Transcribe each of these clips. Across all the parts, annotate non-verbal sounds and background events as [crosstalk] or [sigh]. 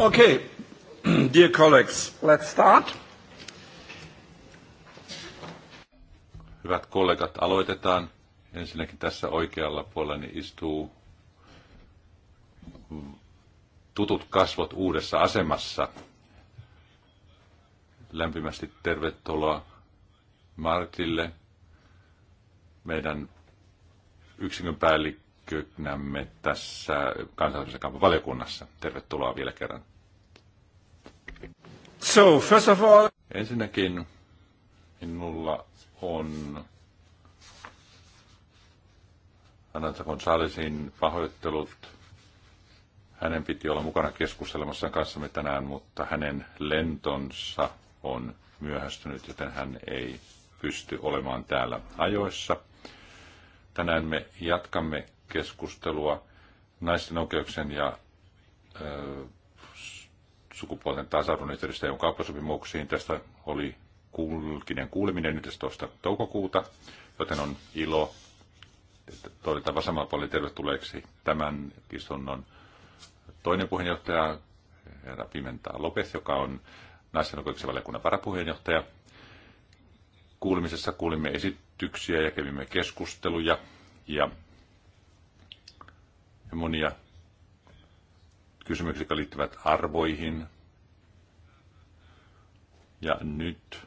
Okay, [clears throat] dear colleagues, let's start. Hyvät kollegat, aloitetaan. Ensinnäkin tässä oikealla puolella istuu tutut kasvot uudessa asemassa. Lämpimästi tervetuloa Martille, meidän yksikön päällikkö kytknämme tässä kansallisessa valiokunnassa. Tervetuloa vielä kerran. So, first of all... Ensinnäkin minulla on Ananta Gonzalesin pahoittelut. Hänen piti olla mukana keskustelemassa kanssamme tänään, mutta hänen lentonsa on myöhästynyt, joten hän ei pysty olemaan täällä ajoissa. Tänään me jatkamme keskustelua naisten oikeuksien ja ö, sukupuolten tasa-arvon yhteydestä EUn kauppasopimuksiin. Tästä oli kulkinen kuuleminen 11. toukokuuta, joten on ilo todeta vasemman puolen tervetulleeksi tämän istunnon toinen puheenjohtaja, herra Pimentaa Lopes, joka on naisten oikeuksien valiokunnan varapuheenjohtaja. Kuulemisessa kuulimme esityksiä ja kävimme keskusteluja ja ja monia kysymyksiä, jotka liittyvät arvoihin. Ja nyt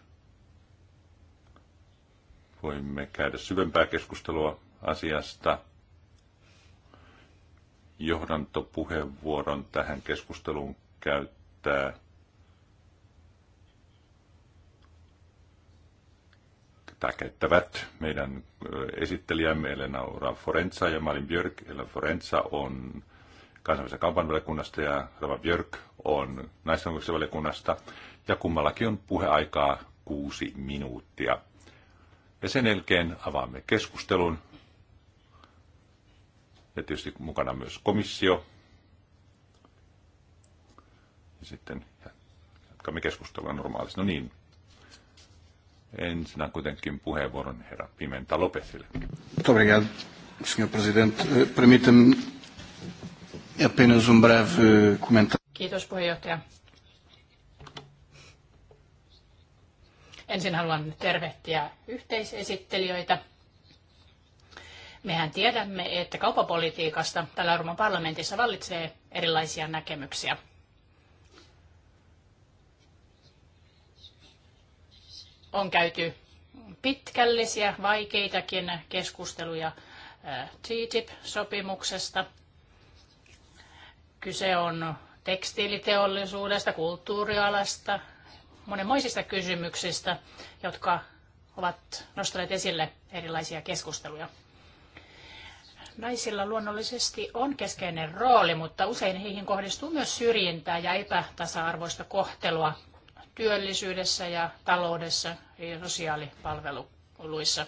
voimme käydä syvempää keskustelua asiasta. Johdantopuheenvuoron tähän keskusteluun käyttää täkättävät. Meidän esittelijämme Elena Ora Forenza ja Malin Björk. Elena Forenza on kansainvälisen kaupan valiokunnasta ja Rava Björk on naisten valiokunnasta. Ja kummallakin on puheaikaa kuusi minuuttia. Ja sen jälkeen avaamme keskustelun. Ja tietysti mukana myös komissio. Ja sitten jatkamme keskustelua normaalisti. No niin, Ensinnä kuitenkin puheenvuoron herra Pimenta Lopesille. Eh, um eh, Kiitos puheenjohtaja. Ensin haluan tervehtiä yhteisesittelijöitä. Mehän tiedämme, että kaupapolitiikasta täällä Euroopan parlamentissa vallitsee erilaisia näkemyksiä. on käyty pitkällisiä, vaikeitakin keskusteluja äh, TTIP-sopimuksesta. Kyse on tekstiiliteollisuudesta, kulttuurialasta, monenmoisista kysymyksistä, jotka ovat nostaneet esille erilaisia keskusteluja. Naisilla luonnollisesti on keskeinen rooli, mutta usein heihin kohdistuu myös syrjintää ja epätasa-arvoista kohtelua työllisyydessä ja taloudessa ja sosiaalipalveluissa.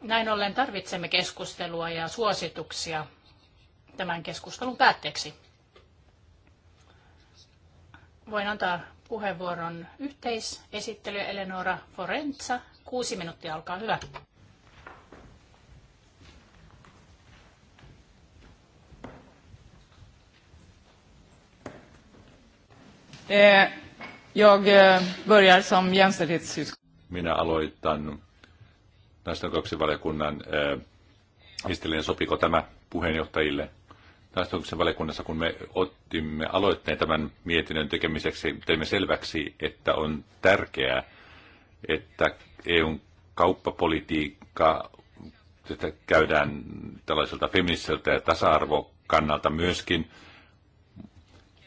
Näin ollen tarvitsemme keskustelua ja suosituksia tämän keskustelun päätteeksi. Voin antaa puheenvuoron yhteisesittelijä Eleonora Forenza. Kuusi minuuttia, olkaa hyvä. Eh, Jag eh, börjar som jämställdhetsutskott. Minä aloitan naisten valiokunnan äh, eh, sopiko tämä puheenjohtajille taisteluksen valiokunnassa, kun me otimme aloitteen tämän mietinnön tekemiseksi, teimme selväksi, että on tärkeää, että EUn kauppapolitiikka että käydään tällaiselta feministiseltä ja tasa-arvokannalta myöskin.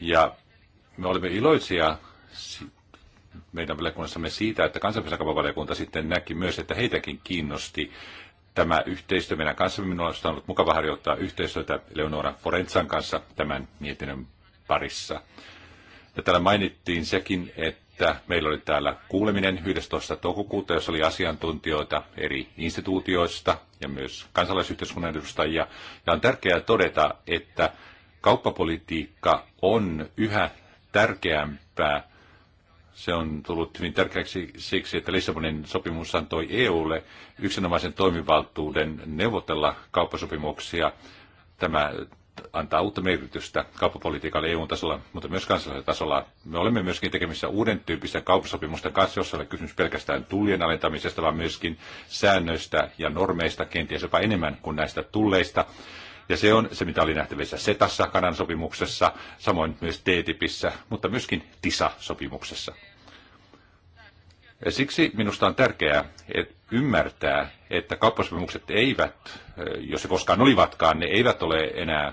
Ja me olimme iloisia meidän valiokunnassamme siitä, että kansainvälisen sitten näki myös, että heitäkin kiinnosti tämä yhteistyö meidän kanssa Minulla on ollut mukava harjoittaa yhteistyötä Leonora Forensan kanssa tämän mietinnön parissa. Ja täällä mainittiin sekin, että meillä oli täällä kuuleminen 11. toukokuuta, jossa oli asiantuntijoita eri instituutioista ja myös kansalaisyhteiskunnan edustajia. Ja on tärkeää todeta, että kauppapolitiikka on yhä tärkeämpää se on tullut hyvin tärkeäksi siksi, että Lissabonin sopimus antoi EUlle yksinomaisen toimivaltuuden neuvotella kauppasopimuksia. Tämä antaa uutta merkitystä kauppapolitiikalle EU-tasolla, mutta myös kansallisella tasolla. Me olemme myöskin tekemissä uuden tyyppistä kauppasopimusta kanssa, jossa ei kysymys pelkästään tullien alentamisesta, vaan myöskin säännöistä ja normeista, kenties jopa enemmän kuin näistä tulleista. Ja se on se, mitä oli nähtävissä SETassa, Kanan sopimuksessa, samoin myös TTIPissä, mutta myöskin TISA-sopimuksessa. Ja siksi minusta on tärkeää että ymmärtää, että kauppasopimukset eivät, eh, jos se koskaan olivatkaan, ne eivät ole enää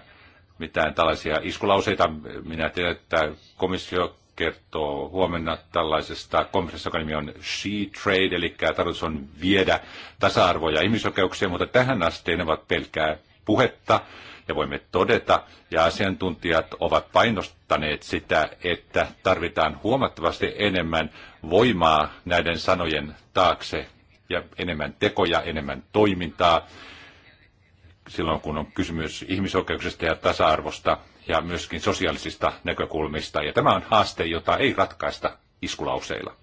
mitään tällaisia iskulauseita. Minä tiedän, että komissio kertoo huomenna tällaisesta konferenssista, joka nimi on She Trade, eli tarkoitus on viedä tasa arvoja ihmisoikeuksia, mutta tähän asti ne ovat pelkkää puhetta ja voimme todeta, ja asiantuntijat ovat painostaneet sitä, että tarvitaan huomattavasti enemmän voimaa näiden sanojen taakse ja enemmän tekoja, enemmän toimintaa silloin, kun on kysymys ihmisoikeuksista ja tasa-arvosta ja myöskin sosiaalisista näkökulmista. Ja tämä on haaste, jota ei ratkaista iskulauseilla.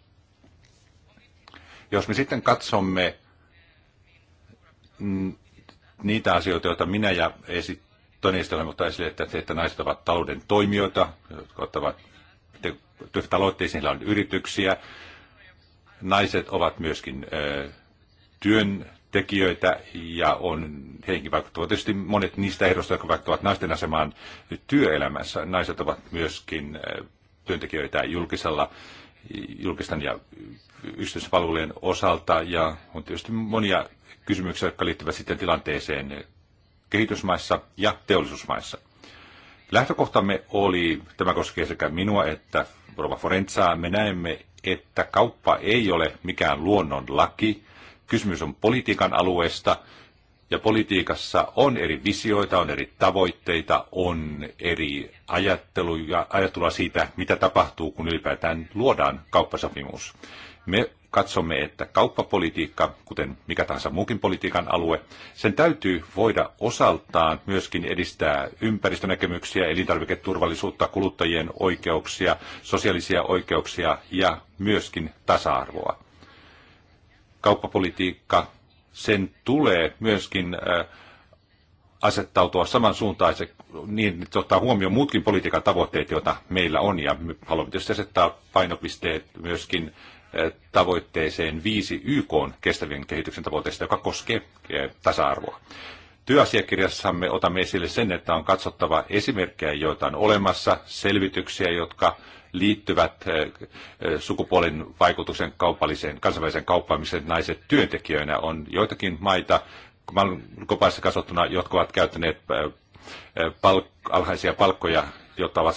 Jos me sitten katsomme mm, niitä asioita, joita minä ja esit, toinen on ottaa esille, että, se, että naiset ovat talouden toimijoita, jotka ottavat taloitteisiin, heillä on yrityksiä. Naiset ovat myöskin ö, työntekijöitä ja on heihinkin vaikuttavat tietysti monet niistä ehdoista, jotka vaikuttavat naisten asemaan työelämässä. Naiset ovat myöskin ö, työntekijöitä julkisella julkisten ja yksityisten osalta ja on tietysti monia kysymyksiä, jotka liittyvät sitten tilanteeseen kehitysmaissa ja teollisuusmaissa. Lähtökohtamme oli, tämä koskee sekä minua että Rova Forenzaa, me näemme, että kauppa ei ole mikään luonnonlaki. Kysymys on politiikan alueesta, ja politiikassa on eri visioita, on eri tavoitteita, on eri ajatteluja, ajattelua siitä, mitä tapahtuu, kun ylipäätään luodaan kauppasopimus. Me katsomme, että kauppapolitiikka, kuten mikä tahansa muukin politiikan alue, sen täytyy voida osaltaan myöskin edistää ympäristönäkemyksiä, elintarviketurvallisuutta, kuluttajien oikeuksia, sosiaalisia oikeuksia ja myöskin tasa-arvoa. Kauppapolitiikka, sen tulee myöskin asettautua samansuuntaiseksi niin, että ottaa huomioon muutkin politiikan tavoitteet, joita meillä on, ja me haluamme tietysti asettaa painopisteet myöskin Eh, tavoitteeseen viisi YK kestävien kehityksen tavoitteista joka koskee eh, tasa-arvoa. Työasiakirjassamme otamme esille sen, että on katsottava esimerkkejä, joita on olemassa, selvityksiä, jotka liittyvät eh, sukupuolen vaikutuksen kaupalliseen, kansainväliseen kauppaan, missä naiset työntekijöinä on joitakin maita, maailmankopaissa katsottuna, jotka ovat käyttäneet palk- alhaisia palkkoja jotta ovat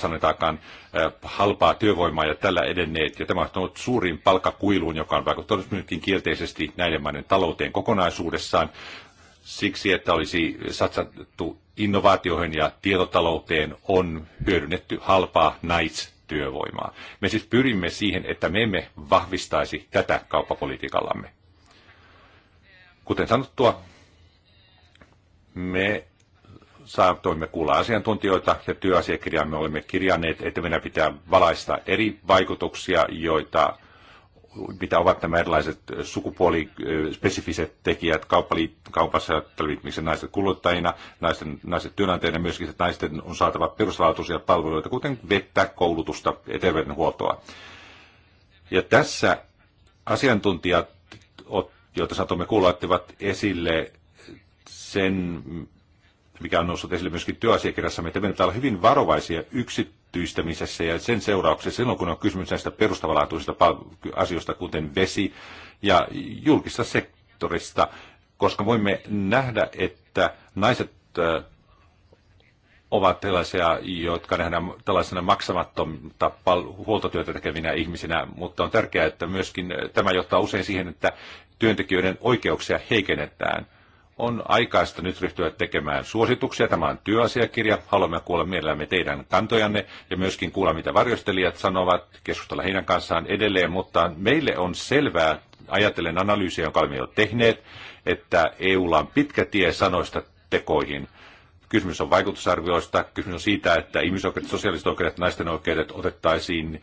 halpaa työvoimaa ja tällä edenneet. Ja tämä on ollut suurin palkkakuiluun, joka on vaikuttanut myöskin kielteisesti näiden maiden talouteen kokonaisuudessaan siksi, että olisi satsattu innovaatioihin ja tietotalouteen, on hyödynnetty halpaa työvoimaa. Me siis pyrimme siihen, että me emme vahvistaisi tätä kauppapolitiikallamme. Kuten sanottua, me saatoimme kuulla asiantuntijoita ja työasiakirjaa me olemme kirjanneet, että meidän pitää valaista eri vaikutuksia, joita mitä ovat nämä erilaiset sukupuolispesifiset tekijät kaupassa, miksi naiset kuluttajina, naisten, naiset työnantajina, myöskin että naisten on saatava peruslaatuisia palveluita, kuten vettä, koulutusta ja terveydenhuoltoa. Ja tässä asiantuntijat, joita saatamme kuulla, ottivat esille sen, mikä on noussut esille myöskin työasiakirjassa, että meidän pitää olla hyvin varovaisia yksityistämisessä ja sen seurauksessa silloin, kun on kysymys näistä perustavanlaatuisista asioista, kuten vesi ja julkista sektorista, koska voimme nähdä, että naiset ovat tällaisia, jotka nähdään tällaisena maksamattomta huoltotyötä tekevinä ihmisinä, mutta on tärkeää, että myöskin tämä johtaa usein siihen, että työntekijöiden oikeuksia heikennetään – on aikaista nyt ryhtyä tekemään suosituksia. Tämä on työasiakirja. Haluamme kuulla mielellämme teidän kantojanne ja myöskin kuulla, mitä varjostelijat sanovat, keskustella heidän kanssaan edelleen, mutta meille on selvää, ajatellen analyysiä, jonka olemme jo tehneet, että EUlla on pitkä tie sanoista tekoihin. Kysymys on vaikutusarvioista, kysymys on siitä, että ihmisoikeudet, sosiaaliset oikeudet, naisten oikeudet otettaisiin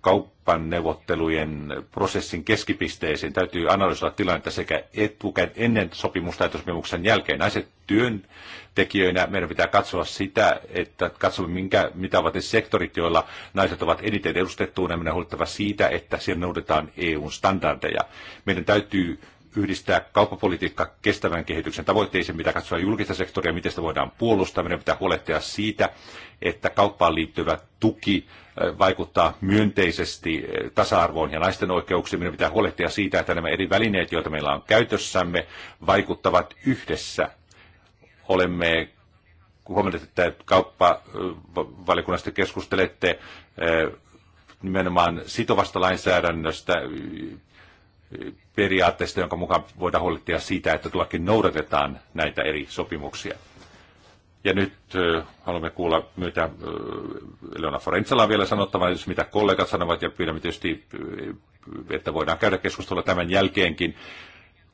kauppan neuvottelujen prosessin keskipisteeseen. Täytyy analysoida tilannetta sekä etukäteen ennen sopimusta että sopimuksen jälkeen. Naiset työntekijöinä meidän pitää katsoa sitä, että katsomme minkä, mitä ovat ne sektorit, joilla naiset ovat eniten edustettuina. Meidän on siitä, että siellä noudatetaan eu standardeja. Meidän täytyy yhdistää kauppapolitiikka kestävän kehityksen tavoitteisiin, mitä katsoa julkista sektoria, miten sitä voidaan puolustaa. Meidän pitää huolehtia siitä, että kauppaan liittyvä tuki vaikuttaa myönteisesti tasa-arvoon ja naisten oikeuksiin. Meidän pitää huolehtia siitä, että nämä eri välineet, joita meillä on käytössämme, vaikuttavat yhdessä. Olemme huomannut, että kauppavalikunnasta keskustelette nimenomaan sitovasta lainsäädännöstä, periaatteesta, jonka mukaan voidaan huolehtia siitä, että tuokin noudatetaan näitä eri sopimuksia. Ja nyt haluamme kuulla, mitä Leona Forensala on vielä sanottavan, jos mitä kollegat sanovat, ja pyydämme tietysti, että voidaan käydä keskustelua tämän jälkeenkin.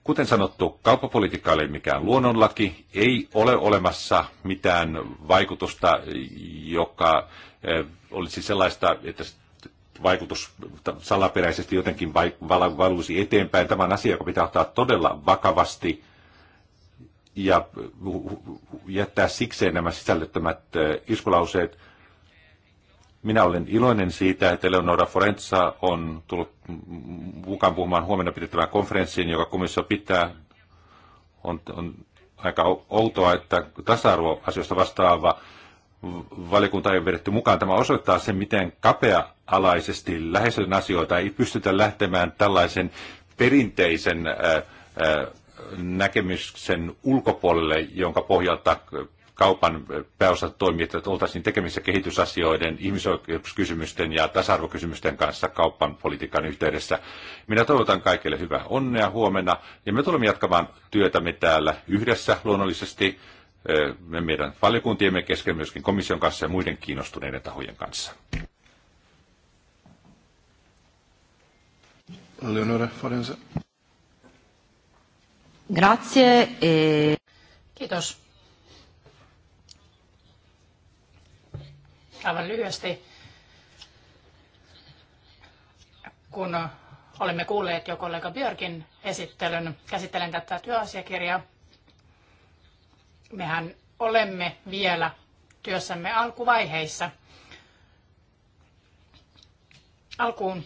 Kuten sanottu, kauppapolitiikka ei ole mikään luonnonlaki, ei ole olemassa mitään vaikutusta, joka olisi sellaista, että vaikutus salaperäisesti jotenkin valuisi eteenpäin. Tämä on asia, joka pitää ottaa todella vakavasti ja jättää sikseen nämä sisällöttömät iskulauseet. Minä olen iloinen siitä, että Eleonora Forenza on tullut mukaan puhumaan huomenna pidettävään konferenssiin, joka komissio pitää. On, on aika outoa, että tasa-arvoasioista vastaava valiokunta ei vedetty mukaan. Tämä osoittaa sen, miten kapea-alaisesti läheisen asioita ei pystytä lähtemään tällaisen perinteisen äh, äh, näkemyksen ulkopuolelle, jonka pohjalta kaupan pääosat toimii, että oltaisiin tekemissä kehitysasioiden, ihmisoikeuskysymysten ja tasa-arvokysymysten kanssa kaupan politiikan yhteydessä. Minä toivotan kaikille hyvää onnea huomenna ja me tulemme jatkamaan työtämme täällä yhdessä luonnollisesti me meidän valiokuntiemme kesken myöskin komission kanssa ja muiden kiinnostuneiden tahojen kanssa. Leonora Forenza. Grazie. E... Kiitos. Aivan lyhyesti. Kun olemme kuulleet jo kollega Björkin esittelyn, käsittelen tätä työasiakirjaa. Mehän olemme vielä työssämme alkuvaiheissa. Alkuun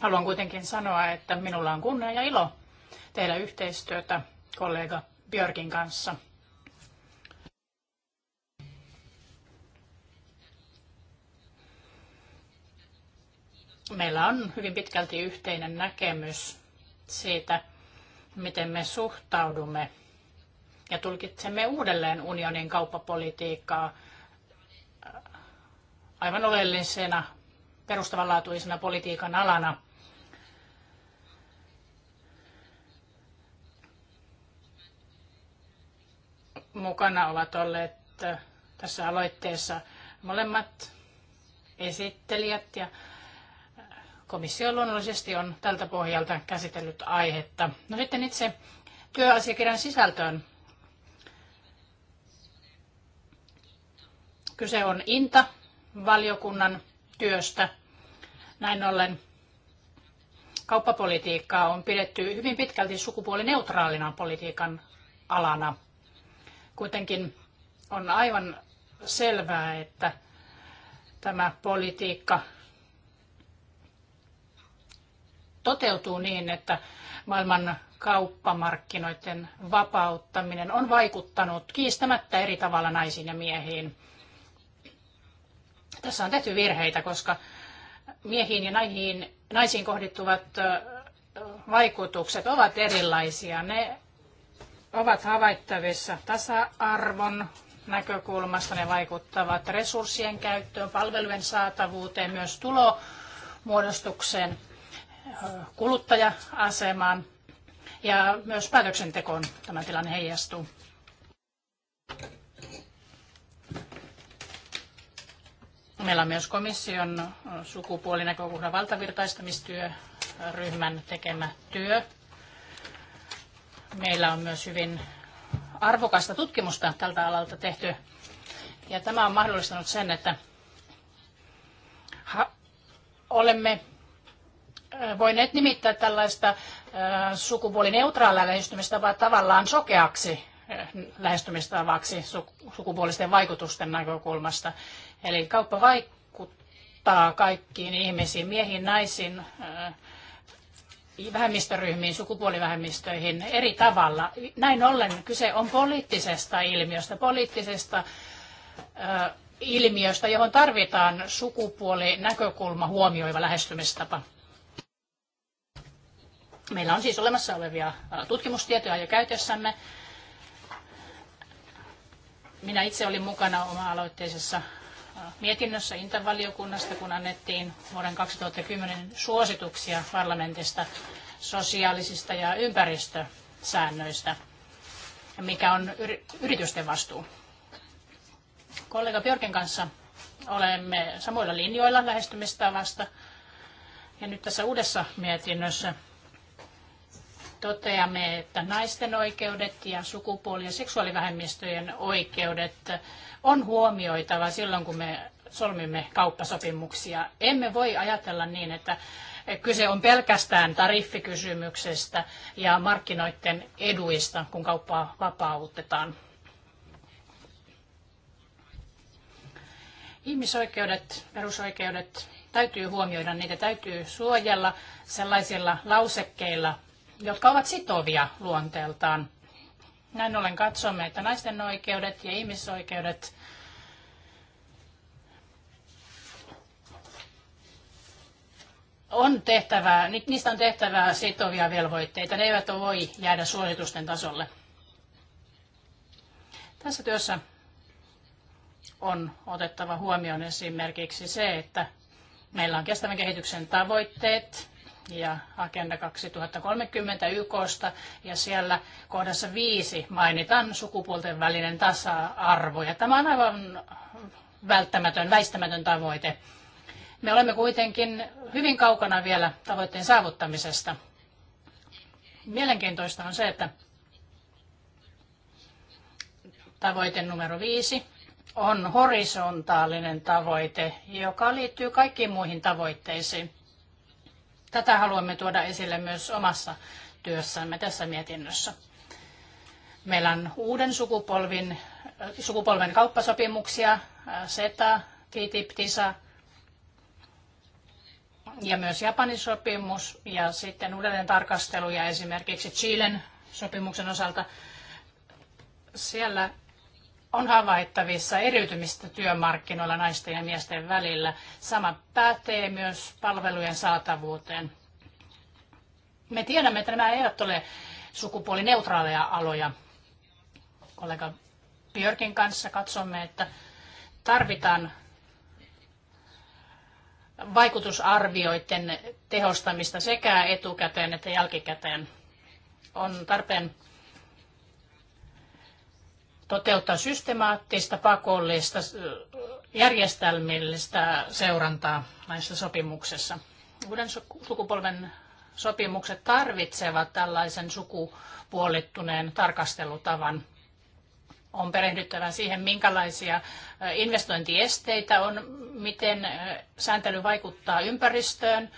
haluan kuitenkin sanoa, että minulla on kunnia ja ilo tehdä yhteistyötä kollega Björkin kanssa. Meillä on hyvin pitkälti yhteinen näkemys siitä, miten me suhtaudumme ja tulkitsemme uudelleen unionin kauppapolitiikkaa äh, aivan oleellisena perustavanlaatuisena politiikan alana. Mukana ovat olleet äh, tässä aloitteessa molemmat esittelijät ja äh, komissio luonnollisesti on tältä pohjalta käsitellyt aihetta. No sitten itse työasiakirjan sisältöön Kyse on INTA-valiokunnan työstä. Näin ollen kauppapolitiikkaa on pidetty hyvin pitkälti sukupuolineutraalina politiikan alana. Kuitenkin on aivan selvää, että tämä politiikka toteutuu niin, että maailman kauppamarkkinoiden vapauttaminen on vaikuttanut kiistämättä eri tavalla naisiin ja miehiin. Tässä on tehty virheitä, koska miehiin ja naisiin, naisiin kohdittuvat vaikutukset ovat erilaisia. Ne ovat havaittavissa tasa-arvon näkökulmasta. Ne vaikuttavat resurssien käyttöön, palvelujen saatavuuteen, myös tulomuodostukseen, kuluttaja-asemaan ja myös päätöksentekoon tämä tilanne heijastuu. Meillä on myös komission sukupuolinäkökulman valtavirtaistamistyöryhmän tekemä työ. Meillä on myös hyvin arvokasta tutkimusta tältä alalta tehty. Ja tämä on mahdollistanut sen, että olemme voineet nimittää tällaista sukupuolineutraalia lähestymistä vaan tavallaan sokeaksi lähestymistavaksi sukupuolisten vaikutusten näkökulmasta. Eli kauppa vaikuttaa kaikkiin ihmisiin, miehiin, naisiin, äh, vähemmistöryhmiin, sukupuolivähemmistöihin eri tavalla. Näin ollen kyse on poliittisesta ilmiöstä, poliittisesta äh, ilmiöstä, johon tarvitaan sukupuolinäkökulma huomioiva lähestymistapa. Meillä on siis olemassa olevia äh, tutkimustietoja jo käytössämme. Minä itse olin mukana oma-aloitteisessa mietinnössä Intavaliokunnasta, kun annettiin vuoden 2010 suosituksia parlamentista sosiaalisista ja ympäristösäännöistä, mikä on yritysten vastuu. Kollega Björken kanssa olemme samoilla linjoilla lähestymistavasta. Ja nyt tässä uudessa mietinnössä toteamme, että naisten oikeudet ja sukupuoli- ja seksuaalivähemmistöjen oikeudet on huomioitava silloin, kun me solmimme kauppasopimuksia. Emme voi ajatella niin, että kyse on pelkästään tariffikysymyksestä ja markkinoiden eduista, kun kauppaa vapautetaan. Ihmisoikeudet, perusoikeudet täytyy huomioida, niitä täytyy suojella sellaisilla lausekkeilla, jotka ovat sitovia luonteeltaan. Näin ollen katsomme, että naisten oikeudet ja ihmisoikeudet on tehtävää, niistä on tehtävää sitovia velvoitteita. Ne eivät voi jäädä suositusten tasolle. Tässä työssä on otettava huomioon esimerkiksi se, että meillä on kestävän kehityksen tavoitteet, ja Agenda 2030 YKsta ja siellä kohdassa viisi mainitaan sukupuolten välinen tasa-arvo. Ja tämä on aivan välttämätön, väistämätön tavoite. Me olemme kuitenkin hyvin kaukana vielä tavoitteen saavuttamisesta. Mielenkiintoista on se, että tavoite numero viisi on horisontaalinen tavoite, joka liittyy kaikkiin muihin tavoitteisiin. Tätä haluamme tuoda esille myös omassa työssämme tässä mietinnössä. Meillä on uuden sukupolvin, äh, sukupolven kauppasopimuksia, äh, SETA, TTIP, TISA ja myös Japanin sopimus ja sitten uudelleen tarkasteluja esimerkiksi Chilen sopimuksen osalta. Siellä on havaittavissa eriytymistä työmarkkinoilla naisten ja miesten välillä. Sama pätee myös palvelujen saatavuuteen. Me tiedämme, että nämä eivät ole sukupuolineutraaleja aloja. Kollega Björkin kanssa katsomme, että tarvitaan vaikutusarvioiden tehostamista sekä etukäteen että jälkikäteen. On tarpeen toteuttaa systemaattista, pakollista, järjestelmällistä seurantaa näissä sopimuksissa. Uuden sukupolven sopimukset tarvitsevat tällaisen sukupuolittuneen tarkastelutavan. On perehdyttävä siihen, minkälaisia investointiesteitä on, miten sääntely vaikuttaa ympäristöön,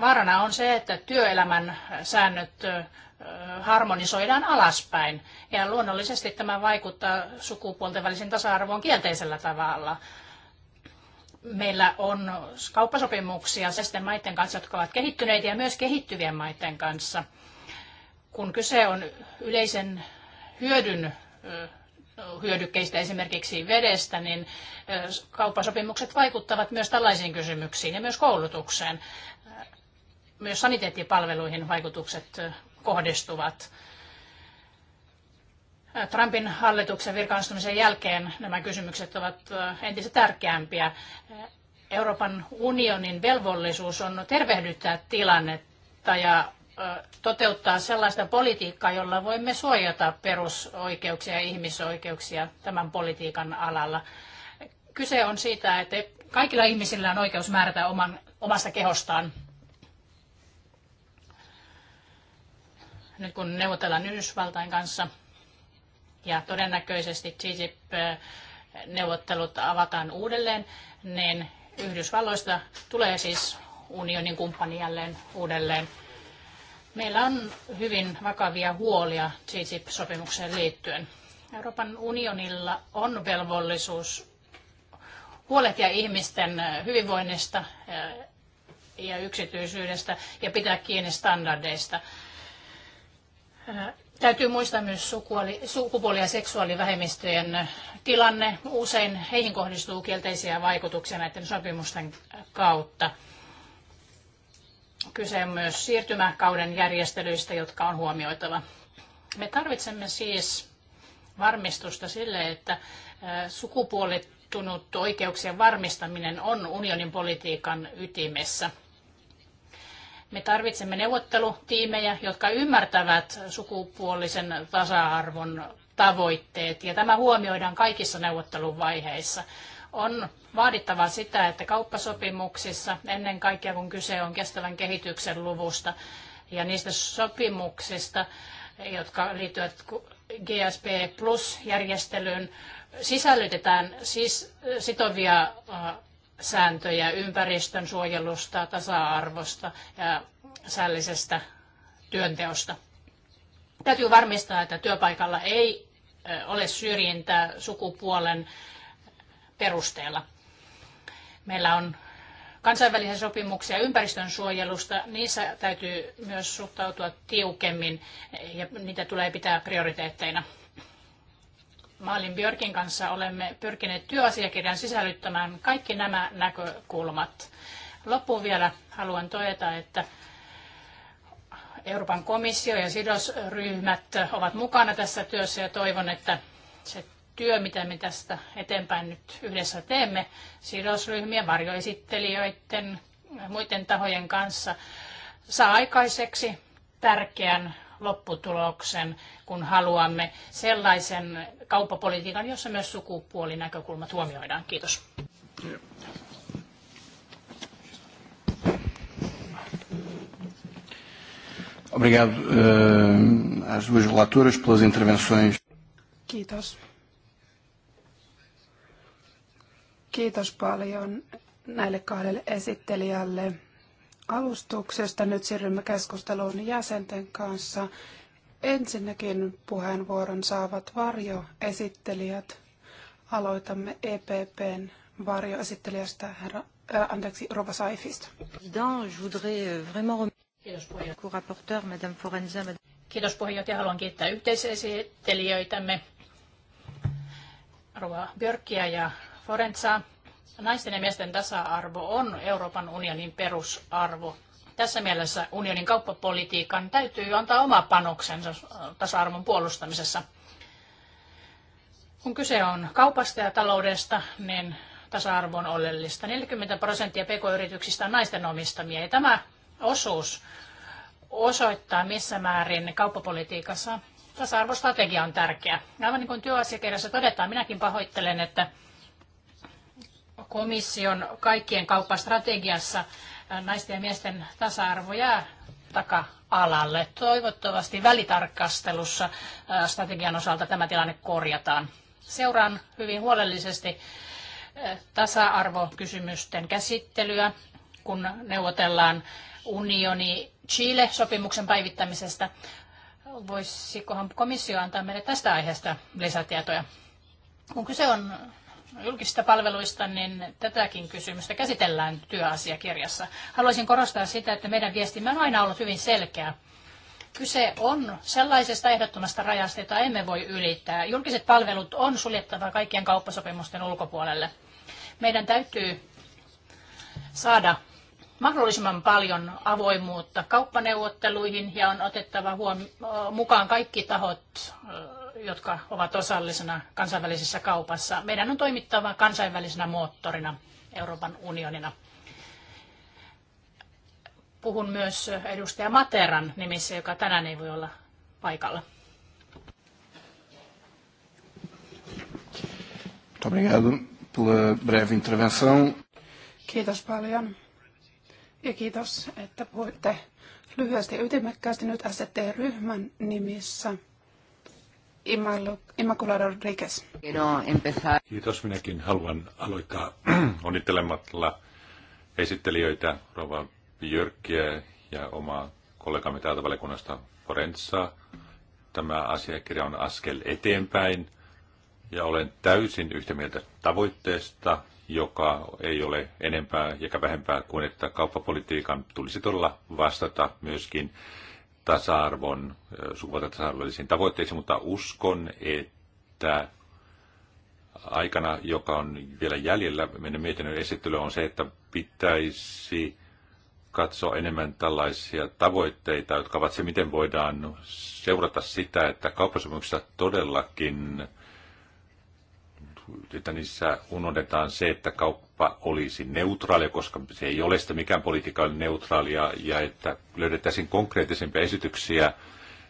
vaarana on se, että työelämän säännöt harmonisoidaan alaspäin. Ja luonnollisesti tämä vaikuttaa sukupuolten välisen tasa-arvoon kielteisellä tavalla. Meillä on kauppasopimuksia sellaisten maiden kanssa, jotka ovat kehittyneitä ja myös kehittyvien maiden kanssa. Kun kyse on yleisen hyödyn hyödykkeistä, esimerkiksi vedestä, niin kauppasopimukset vaikuttavat myös tällaisiin kysymyksiin ja myös koulutukseen myös saniteettipalveluihin vaikutukset kohdistuvat. Trumpin hallituksen virkaannistumisen jälkeen nämä kysymykset ovat entistä tärkeämpiä. Euroopan unionin velvollisuus on tervehdyttää tilannetta ja toteuttaa sellaista politiikkaa, jolla voimme suojata perusoikeuksia ja ihmisoikeuksia tämän politiikan alalla. Kyse on siitä, että kaikilla ihmisillä on oikeus määrätä oman, omasta kehostaan nyt kun neuvotellaan Yhdysvaltain kanssa ja todennäköisesti TTIP-neuvottelut avataan uudelleen, niin Yhdysvalloista tulee siis unionin kumppani jälleen uudelleen. Meillä on hyvin vakavia huolia TTIP-sopimukseen liittyen. Euroopan unionilla on velvollisuus huolehtia ihmisten hyvinvoinnista ja yksityisyydestä ja pitää kiinni standardeista. Äh, täytyy muistaa myös sukuoli, sukupuoli- ja seksuaalivähemmistöjen tilanne. Usein heihin kohdistuu kielteisiä vaikutuksia näiden sopimusten kautta. Kyse on myös siirtymäkauden järjestelyistä, jotka on huomioitava. Me tarvitsemme siis varmistusta sille, että äh, sukupuolittunut oikeuksien varmistaminen on unionin politiikan ytimessä – me tarvitsemme neuvottelutiimejä, jotka ymmärtävät sukupuolisen tasa-arvon tavoitteet, ja tämä huomioidaan kaikissa neuvotteluvaiheissa. vaiheissa. On vaadittava sitä, että kauppasopimuksissa, ennen kaikkea kun kyse on kestävän kehityksen luvusta ja niistä sopimuksista, jotka liittyvät GSP Plus-järjestelyyn, sisällytetään siis sitovia äh, sääntöjä ympäristön suojelusta, tasa-arvosta ja säällisestä työnteosta. Täytyy varmistaa, että työpaikalla ei ole syrjintää sukupuolen perusteella. Meillä on kansainvälisiä sopimuksia ympäristön suojelusta, niissä täytyy myös suhtautua tiukemmin ja niitä tulee pitää prioriteetteina. Maalin Björkin kanssa olemme pyrkineet työasiakirjan sisällyttämään kaikki nämä näkökulmat. Loppuun vielä haluan todeta, että Euroopan komissio ja sidosryhmät ovat mukana tässä työssä ja toivon, että se työ, mitä me tästä eteenpäin nyt yhdessä teemme sidosryhmien, varjoesittelijöiden, muiden tahojen kanssa, saa aikaiseksi tärkeän lopputuloksen, kun haluamme sellaisen kauppapolitiikan, jossa myös sukupuolinäkökulmat huomioidaan. Kiitos. Obrigado uh, às Kiitos. Kiitos paljon näille kahdelle esittelijälle alustuksesta. Nyt siirrymme keskusteluun jäsenten kanssa. Ensinnäkin puheenvuoron saavat varjoesittelijät. Aloitamme EPPn varjoesittelijästä, herra, äh, anteeksi, Rova Saifista. Euh, Kiitos puheenjohtaja. Kiitos Haluan kiittää yhteisesittelijöitämme, Rova Björkkiä ja Forenzaa naisten ja miesten tasa-arvo on Euroopan unionin perusarvo. Tässä mielessä unionin kauppapolitiikan täytyy antaa oma panoksensa äh, tasa-arvon puolustamisessa. Kun kyse on kaupasta ja taloudesta, niin tasa-arvo on oleellista. 40 prosenttia pk-yrityksistä on naisten omistamia ja tämä osuus osoittaa, missä määrin kauppapolitiikassa tasa-arvostrategia on tärkeä. Aivan niin kuin työasiakirjassa todetaan, minäkin pahoittelen, että komission kaikkien kauppastrategiassa äh, naisten ja miesten tasa-arvo jää taka-alalle. Toivottavasti välitarkastelussa äh, strategian osalta tämä tilanne korjataan. Seuraan hyvin huolellisesti äh, tasa-arvokysymysten käsittelyä, kun neuvotellaan unioni Chile-sopimuksen päivittämisestä. Voisikohan komissio antaa meille tästä aiheesta lisätietoja? Kun kyse on julkisista palveluista, niin tätäkin kysymystä käsitellään työasiakirjassa. Haluaisin korostaa sitä, että meidän viestimme on aina ollut hyvin selkeä. Kyse on sellaisesta ehdottomasta rajasta, jota emme voi ylittää. Julkiset palvelut on suljettava kaikkien kauppasopimusten ulkopuolelle. Meidän täytyy saada mahdollisimman paljon avoimuutta kauppaneuvotteluihin ja on otettava huom- mukaan kaikki tahot jotka ovat osallisena kansainvälisessä kaupassa. Meidän on toimittava kansainvälisenä moottorina Euroopan unionina. Puhun myös edustaja Materan nimissä, joka tänään ei voi olla paikalla. Kiitos paljon. Ja kiitos, että puhuitte lyhyesti ja ytimekkäästi nyt ST-ryhmän nimissä. Immaculada Rodriguez. Kiitos. Minäkin haluan aloittaa [clears throat] onnittelemalla esittelijöitä, Rova Björkkiä ja omaa kollegamme täältä valikunnasta Forensa. Tämä asiakirja on askel eteenpäin ja olen täysin yhtä mieltä tavoitteesta, joka ei ole enempää eikä vähempää kuin, että kauppapolitiikan tulisi todella vastata myöskin tasa-arvon, sukupuolten tasa-arvollisiin tavoitteisiin, mutta uskon, että aikana, joka on vielä jäljellä meidän mietinnön esittely on se, että pitäisi katsoa enemmän tällaisia tavoitteita, jotka ovat se, miten voidaan seurata sitä, että kauppasopimuksessa todellakin että niissä unohdetaan se, että kauppa olisi neutraali, koska se ei ole sitä mikään politiikka on neutraalia, ja että löydettäisiin konkreettisempia esityksiä,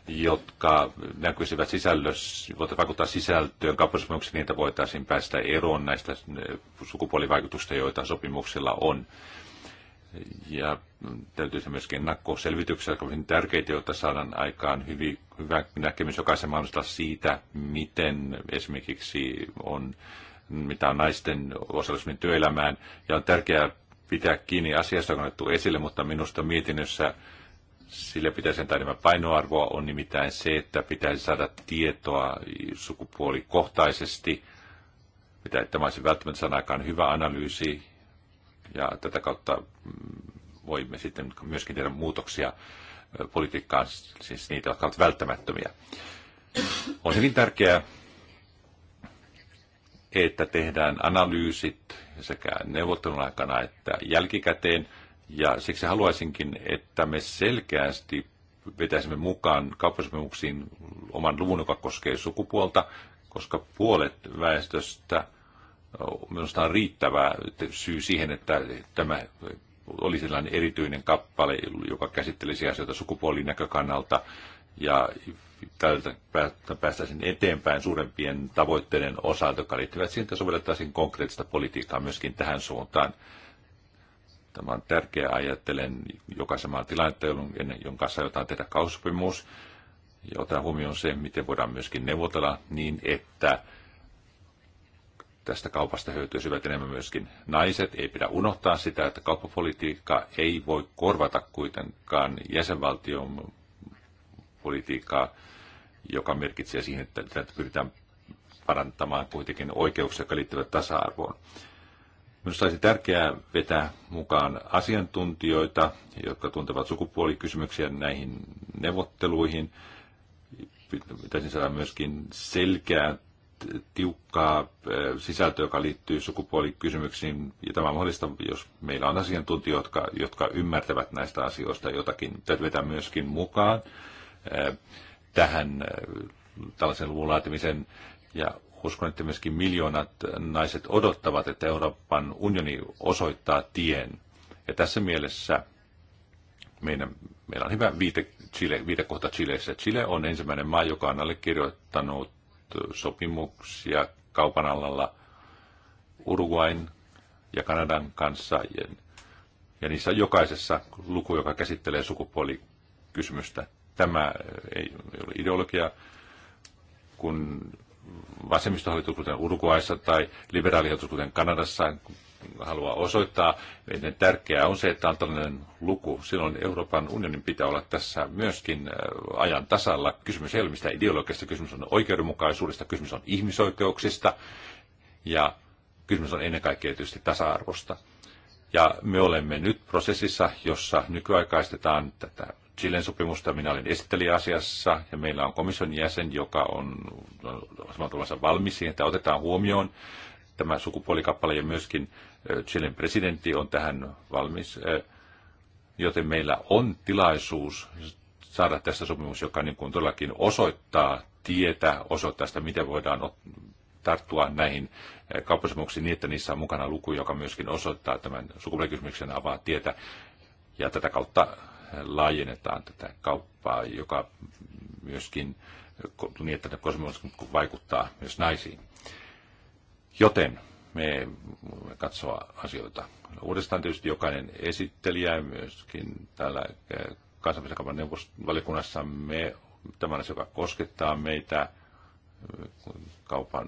jotka näkyisivät sisällössä, voitaisiin vaikuttaa sisältöön kauppasopimuksiin, niitä voitaisiin päästä eroon näistä äh, sukupuolivaikutusta, joita sopimuksilla on ja täytyy se myöskin ennakkoselvityksiä, jotka on tärkeitä, jotta saadaan aikaan hyvin, hyvä näkemys jokaisen mahdollista siitä, miten esimerkiksi on, mitä on naisten osallistuminen työelämään. Ja on tärkeää pitää kiinni asiasta, joka on otettu esille, mutta minusta mietinnössä sille pitäisi antaa enemmän painoarvoa, on nimittäin se, että pitäisi saada tietoa sukupuolikohtaisesti, mitä tämä olisi välttämättä saada aikaan hyvä analyysi ja tätä kautta mm, voimme sitten myöskin tehdä muutoksia politiikkaan, siis niitä, jotka ovat välttämättömiä. On hyvin tärkeää, että tehdään analyysit sekä neuvottelun aikana että jälkikäteen, ja siksi haluaisinkin, että me selkeästi vetäisimme mukaan kauppasopimuksiin oman luvun, joka koskee sukupuolta, koska puolet väestöstä minusta on riittävä syy siihen, että tämä oli sellainen erityinen kappale, joka käsittelisi asioita näkökannalta ja tältä päästäisiin eteenpäin suurempien tavoitteiden osalta, jotka liittyvät siihen, että sovellettaisiin konkreettista politiikkaa myöskin tähän suuntaan. Tämä on tärkeää ajattelen jokaisen maan tilannetta, jonka kanssa jotain tehdä kausopimus ja ottaa huomioon se, miten voidaan myöskin neuvotella niin, että tästä kaupasta hyötyisivät enemmän myöskin naiset. Ei pidä unohtaa sitä, että kauppapolitiikka ei voi korvata kuitenkaan jäsenvaltion politiikkaa, joka merkitsee siihen, että, pyritään parantamaan kuitenkin oikeuksia, jotka liittyvät tasa-arvoon. Minusta olisi tärkeää vetää mukaan asiantuntijoita, jotka tuntevat sukupuolikysymyksiä näihin neuvotteluihin. Pitäisi saada myöskin selkeää tiukkaa eh, sisältöä, joka liittyy sukupuolikysymyksiin. Ja tämä on mahdollista, jos meillä on asiantuntijoita, jotka, jotka ymmärtävät näistä asioista jotakin. Täytyy vetää myöskin mukaan eh, tähän eh, tällaisen luvun laatimisen. Ja uskon, että myöskin miljoonat naiset odottavat, että Euroopan unioni osoittaa tien. Ja tässä mielessä meidän, meillä on hyvä viite, Chile, viitekohta Chileissä. Chile on ensimmäinen maa, joka on allekirjoittanut sopimuksia kaupan alalla Uruguain ja Kanadan kanssa. Ja, niissä on jokaisessa luku, joka käsittelee sukupuolikysymystä. Tämä eh, ei ole ideologia, kun vasemmistohallitus, kuten Uruguayssa tai liberaalihallitus, kuten Kanadassa, haluaa osoittaa. Meidän tärkeää on se, että on tällainen luku. Silloin Euroopan unionin pitää olla tässä myöskin äh, ajan tasalla. Kysymys ei ole mistään ideologiasta, kysymys on oikeudenmukaisuudesta, kysymys on ihmisoikeuksista ja kysymys on ennen kaikkea tietysti tasa-arvosta. Ja me olemme nyt prosessissa, jossa nykyaikaistetaan tätä Chilen sopimusta. Minä olin esittelijä asiassa ja meillä on komission jäsen, joka on samalla valmis siihen, että otetaan huomioon tämä sukupuolikappale ja myöskin Eh, Chilen presidentti on tähän valmis, eh, joten meillä on tilaisuus saada tästä sopimus, joka niin kuin todellakin osoittaa tietä, osoittaa sitä, miten voidaan tarttua näihin eh, kauppasopimuksiin niin, että niissä on mukana luku, joka myöskin osoittaa tämän sukupuolikysymyksen avaa tietä. Ja tätä kautta laajennetaan tätä kauppaa, joka myöskin niin, että vaikuttaa myös naisiin. Joten me katsoa asioita. Uudestaan tietysti jokainen esittelijä myöskin täällä eh, kansainvälisen kaupan neuvost- valikunnassa me, tämän asia, joka koskettaa meitä, eh, kaupan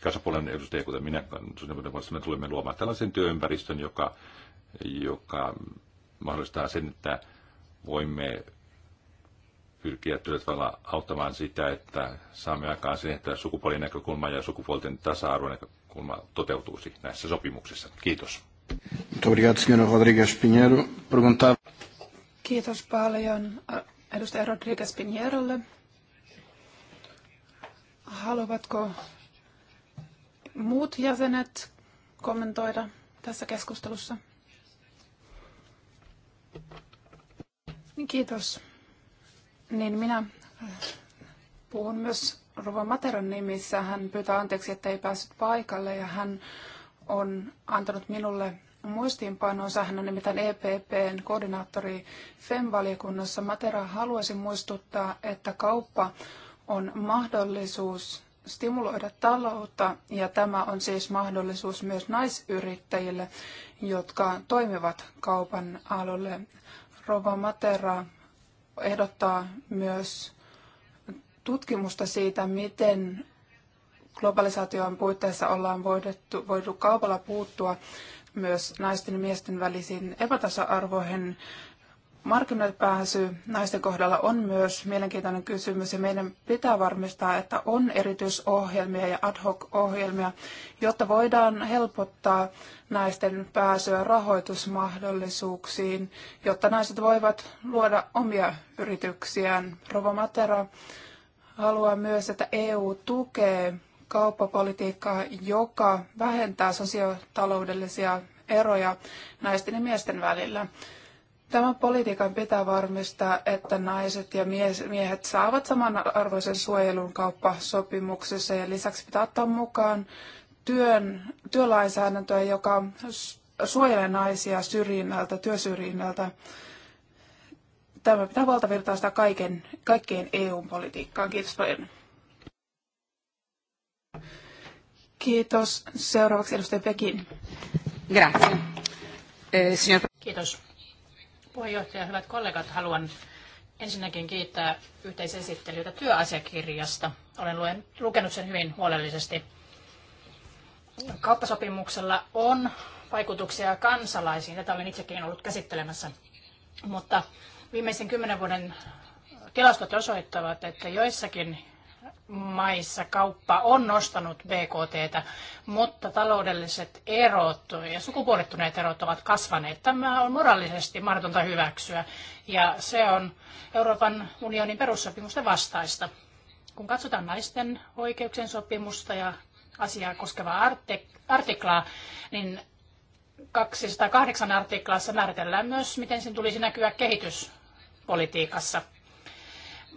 kansanpuolen edustajia, kuten minä, me tulemme luomaan tällaisen työympäristön, joka, joka mahdollistaa sen, että voimme pyrkiä työllä auttamaan sitä, että saamme aikaan sen, että sukupuolin näkökulma ja sukupuolten tasa-arvon näkökulma toteutuisi näissä sopimuksissa. Kiitos. Kiitos paljon edustaja Rodriguez Pinhierolle. Haluavatko muut jäsenet kommentoida tässä keskustelussa? Kiitos niin minä äh, puhun myös Rova Materon nimissä. Hän pyytää anteeksi, että ei päässyt paikalle ja hän on antanut minulle muistiinpanonsa. Hän on nimittäin EPPn koordinaattori FEM-valiokunnassa. Matera haluaisi muistuttaa, että kauppa on mahdollisuus stimuloida taloutta ja tämä on siis mahdollisuus myös naisyrittäjille, jotka toimivat kaupan alalle. Rova Matera ehdottaa myös tutkimusta siitä, miten globalisaation puitteissa ollaan voidettu, voitu kaupalla puuttua myös naisten ja miesten välisiin epätasa-arvoihin. Markkinoille pääsy naisten kohdalla on myös mielenkiintoinen kysymys ja meidän pitää varmistaa, että on erityisohjelmia ja ad hoc-ohjelmia, jotta voidaan helpottaa naisten pääsyä rahoitusmahdollisuuksiin, jotta naiset voivat luoda omia yrityksiään. Rova Matera haluaa myös, että EU tukee kauppapolitiikkaa, joka vähentää sosiotaloudellisia eroja naisten ja miesten välillä. Tämän politiikan pitää varmistaa, että naiset ja miehet saavat samanarvoisen suojelun kauppasopimuksessa ja lisäksi pitää ottaa mukaan työn, työlainsäädäntöä, joka suojelee naisia syrjinnältä, työsyrjinnältä. Tämä pitää valtavirtaistaa kaiken, kaikkien EU-politiikkaan. Kiitos paljon. Kiitos. Seuraavaksi edustaja Pekin. Grazie. Eh, Kiitos puheenjohtaja, hyvät kollegat, haluan ensinnäkin kiittää yhteisesittelijöitä työasiakirjasta. Olen luen, lukenut sen hyvin huolellisesti. Kauppasopimuksella on vaikutuksia kansalaisiin. Tätä olen itsekin ollut käsittelemässä. Mutta viimeisen kymmenen vuoden tilastot osoittavat, että joissakin maissa kauppa on nostanut BKTtä, mutta taloudelliset erot ja sukupuolittuneet erot ovat kasvaneet. Tämä on moraalisesti mahdotonta hyväksyä ja se on Euroopan unionin perussopimusten vastaista. Kun katsotaan naisten oikeuksien sopimusta ja asiaa koskevaa artiklaa, niin 208 artiklassa määritellään myös, miten sen tulisi näkyä kehityspolitiikassa –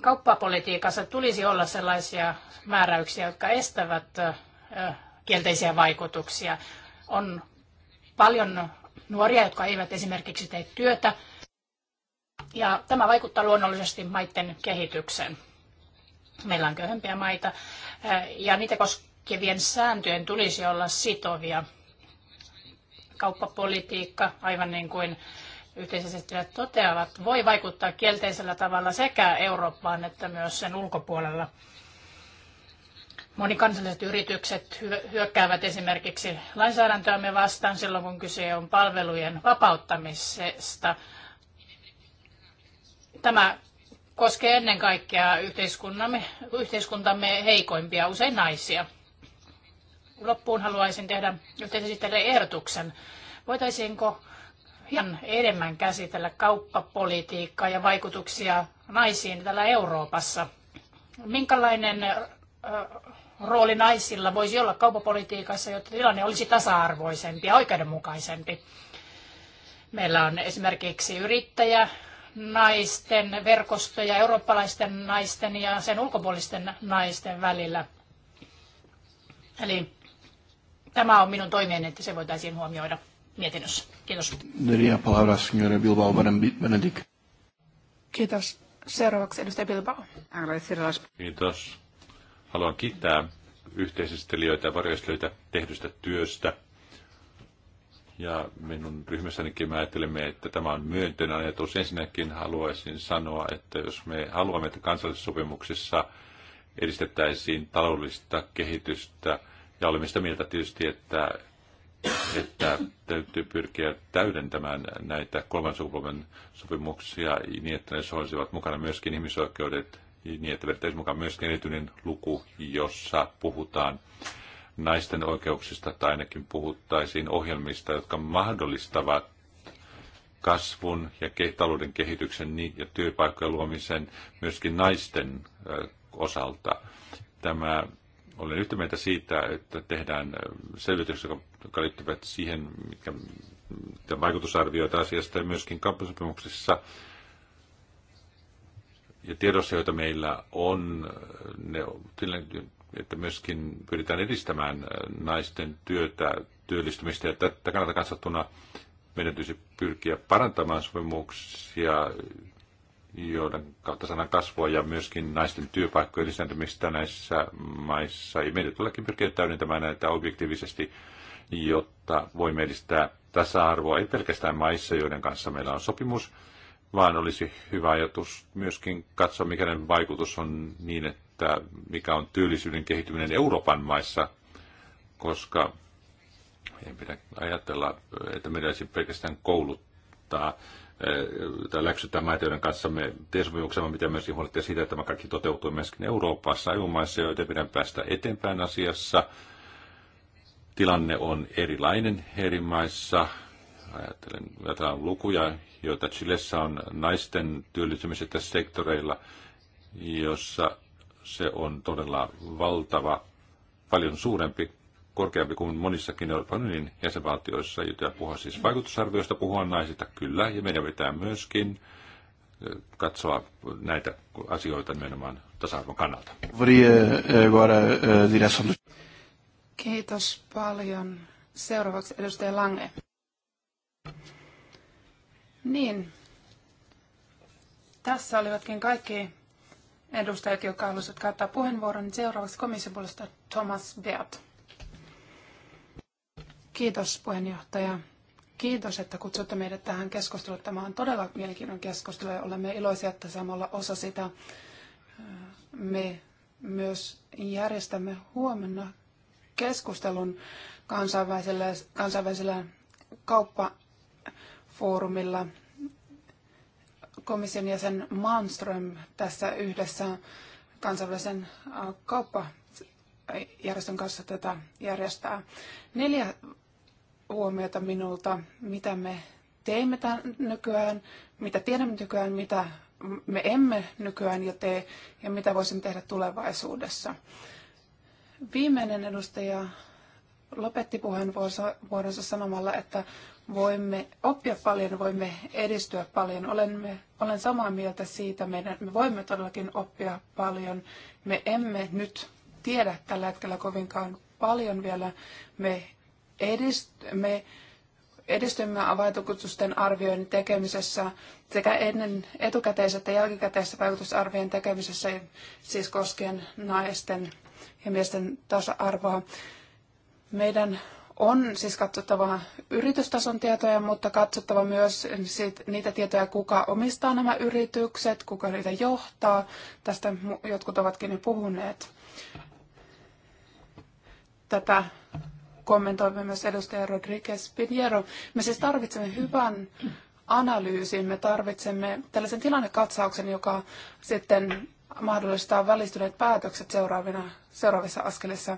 kauppapolitiikassa tulisi olla sellaisia määräyksiä, jotka estävät kielteisiä vaikutuksia. On paljon nuoria, jotka eivät esimerkiksi tee työtä, ja tämä vaikuttaa luonnollisesti maiden kehitykseen. Meillä on köyhempiä maita, ja niitä koskevien sääntöjen tulisi olla sitovia. Kauppapolitiikka, aivan niin kuin yhteisesti toteavat, voi vaikuttaa kielteisellä tavalla sekä Eurooppaan että myös sen ulkopuolella. Monikansalliset yritykset hyökkäävät esimerkiksi lainsäädäntöämme vastaan silloin, kun kyse on palvelujen vapauttamisesta. Tämä koskee ennen kaikkea yhteiskuntamme, yhteiskuntamme heikoimpia, usein naisia. Loppuun haluaisin tehdä yhteisesittelijän ehdotuksen. Voitaisiinko hieman mm. enemmän käsitellä kauppapolitiikkaa ja vaikutuksia naisiin täällä Euroopassa. Minkälainen rooli naisilla voisi olla kauppapolitiikassa, jotta tilanne olisi tasa-arvoisempi ja oikeudenmukaisempi? Meillä on esimerkiksi yrittäjä, naisten verkostoja eurooppalaisten naisten ja sen ulkopuolisten naisten välillä. Eli tämä on minun toimeeni, että se voitaisiin huomioida mietinnössä. Kiitos. palabra, señora Bilbao Benedict. Kiitos. Seuraavaksi edustaja Bilbao. Kiitos. Haluan kiittää yhteisistelijöitä ja varjoistelijoita tehdystä työstä. Ja minun ryhmässänikin me ajattelemme, että tämä on myönteinen ajatus. Ensinnäkin haluaisin sanoa, että jos me haluamme, että kansallisissa sopimuksissa edistettäisiin taloudellista kehitystä, ja olemme sitä mieltä tietysti, että että täytyy pyrkiä täydentämään näitä kolman sukupolven sopimuksia niin, että ne olisivat mukana myöskin ihmisoikeudet, niin että vertaisi mukaan myöskin erityinen luku, jossa puhutaan naisten oikeuksista tai ainakin puhuttaisiin ohjelmista, jotka mahdollistavat kasvun ja talouden kehityksen niin, ja työpaikkojen luomisen myöskin naisten osalta. Tämä olen yhtä mieltä siitä, että tehdään äh, selvitys jotka liittyvät siihen, mitkä vaikutusarvioita asiasta ja myöskin kamppasopimuksissa ja tiedossa, joita meillä on, ne, että myöskin pyritään edistämään äh, naisten työtä, työllistymistä ja tätä kannalta katsottuna meidän tulisi pyrkiä parantamaan sopimuksia joiden kautta saadaan kasvua ja myöskin naisten työpaikkojen lisääntymistä näissä maissa. Ja meidän tuleekin pyrkiä täydentämään näitä objektiivisesti, jotta voimme edistää tasa-arvoa ei pelkästään maissa, joiden kanssa meillä on sopimus, vaan olisi hyvä ajatus myöskin katsoa, mikä vaikutus on niin, että mikä on työllisyyden kehittyminen Euroopan maissa, koska en pidä ajatella, että meidän olisi pelkästään kouluttaa tai läksytään maita, joiden kanssa me tiesopimuksemme mitä myöskin huolehtia siitä, että tämä kaikki toteutuu myöskin Euroopassa, EU-maissa, joita pidän päästä eteenpäin asiassa. Tilanne on erilainen eri maissa. Ajattelen, ajatellaan lukuja, joita Chilessä on naisten työllistymisestä sektoreilla, jossa se on todella valtava, paljon suurempi korkeampi kuin monissakin Euroopan unionin jäsenvaltioissa, joita puhua siis vaikutusarvioista, puhua naisista kyllä, ja meidän pitää myöskin eh, katsoa näitä asioita nimenomaan tasa-arvon kannalta. Eh, eh, Kiitos paljon. Seuraavaksi edustaja Lange. Niin, tässä olivatkin kaikki edustajat, jotka halusivat käyttää puheenvuoron. Seuraavaksi komission puolesta Thomas Beat. Kiitos puheenjohtaja. Kiitos, että kutsutte meidät tähän keskusteluun. Tämä on todella mielenkiintoinen keskustelu ja olemme iloisia, että samalla osa sitä me myös järjestämme huomenna keskustelun kansainvälisellä, kansainvälisellä kauppafoorumilla. Komission jäsen Malmström tässä yhdessä kansainvälisen äh, kauppajärjestön kanssa tätä järjestää. Neljä huomiota minulta, mitä me teemme tämän nykyään, mitä tiedämme nykyään, mitä me emme nykyään jo tee ja mitä voisimme tehdä tulevaisuudessa. Viimeinen edustaja lopetti puheenvuoronsa sanomalla, että voimme oppia paljon, voimme edistyä paljon. me, olen samaa mieltä siitä, meidän, me voimme todellakin oppia paljon. Me emme nyt tiedä tällä hetkellä kovinkaan paljon vielä. Me edist- edistymme vaikutusten arvioinnin tekemisessä sekä ennen etukäteis- että jälkikäteisessä vaikutusarvien tekemisessä, siis koskien naisten ja miesten tasa-arvoa. Meidän on siis katsottava yritystason tietoja, mutta katsottava myös niitä tietoja, kuka omistaa nämä yritykset, kuka niitä johtaa. Tästä jotkut ovatkin jo puhuneet. Tätä kommentoimme myös edustaja Rodriguez Pinheiro. Me siis tarvitsemme hyvän analyysin, me tarvitsemme tällaisen tilannekatsauksen, joka sitten mahdollistaa välistyneet päätökset seuraavina, seuraavissa askelissa.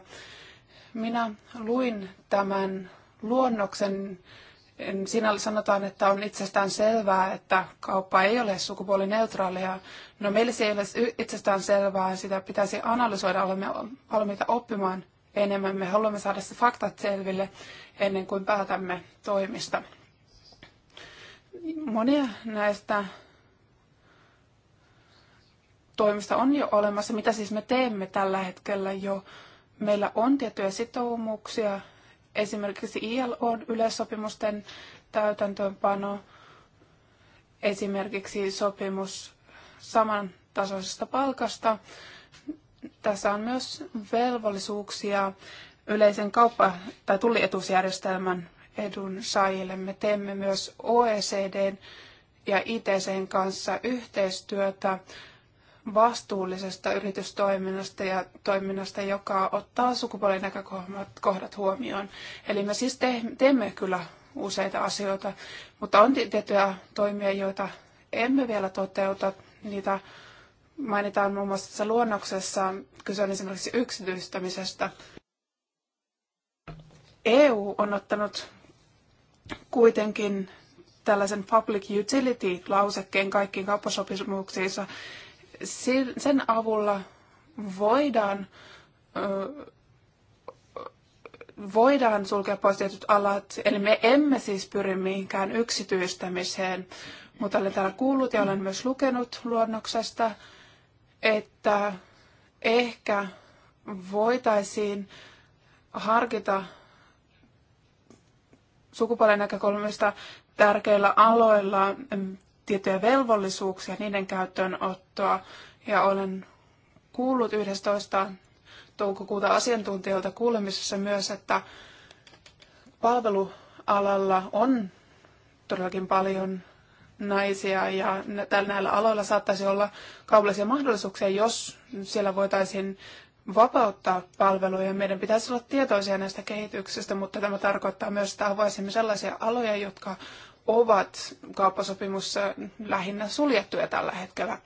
Minä luin tämän luonnoksen siinä sanotaan, että on itsestään selvää, että kauppa ei ole sukupuolineutraalia. No meille se ei ole itsestään selvää, sitä pitäisi analysoida, olemme valmiita oppimaan enemmän. Me haluamme saada se faktat selville ennen kuin päätämme toimista. Monia näistä toimista on jo olemassa, mitä siis me teemme tällä hetkellä jo. Meillä on tiettyjä sitoumuksia, esimerkiksi on yleissopimusten täytäntöönpano, esimerkiksi sopimus samantasoisesta palkasta tässä on myös velvollisuuksia yleisen kauppa- tai tullietuusjärjestelmän edun saajille. Me teemme myös OECD ja ITC kanssa yhteistyötä vastuullisesta yritystoiminnasta ja toiminnasta, joka ottaa sukupuolinäkökohdat huomioon. Eli me siis teemme kyllä useita asioita, mutta on tiettyjä toimia, joita emme vielä toteuta. Niitä mainitaan muun muassa tässä luonnoksessa, kyse on esimerkiksi yksityistämisestä. EU on ottanut kuitenkin tällaisen public utility-lausekkeen kaikkiin kauppasopimuksiinsa. Sen avulla voidaan, voidaan sulkea pois tietyt alat, eli me emme siis pyri mihinkään yksityistämiseen, mutta olen täällä kuullut ja olen myös lukenut luonnoksesta, että ehkä voitaisiin harkita sukupuolen näkökulmista tärkeillä aloilla tiettyjä velvollisuuksia, niiden käyttöönottoa. Ja olen kuullut 11. toukokuuta asiantuntijoilta kuulemisessa myös, että palvelualalla on todellakin paljon naisia ja näillä aloilla saattaisi olla kaupallisia mahdollisuuksia, jos siellä voitaisiin vapauttaa palveluja. Meidän pitäisi olla tietoisia näistä kehityksistä, mutta tämä tarkoittaa myös, että avaisimme sellaisia aloja, jotka ovat kauppasopimussa lähinnä suljettuja tällä hetkellä.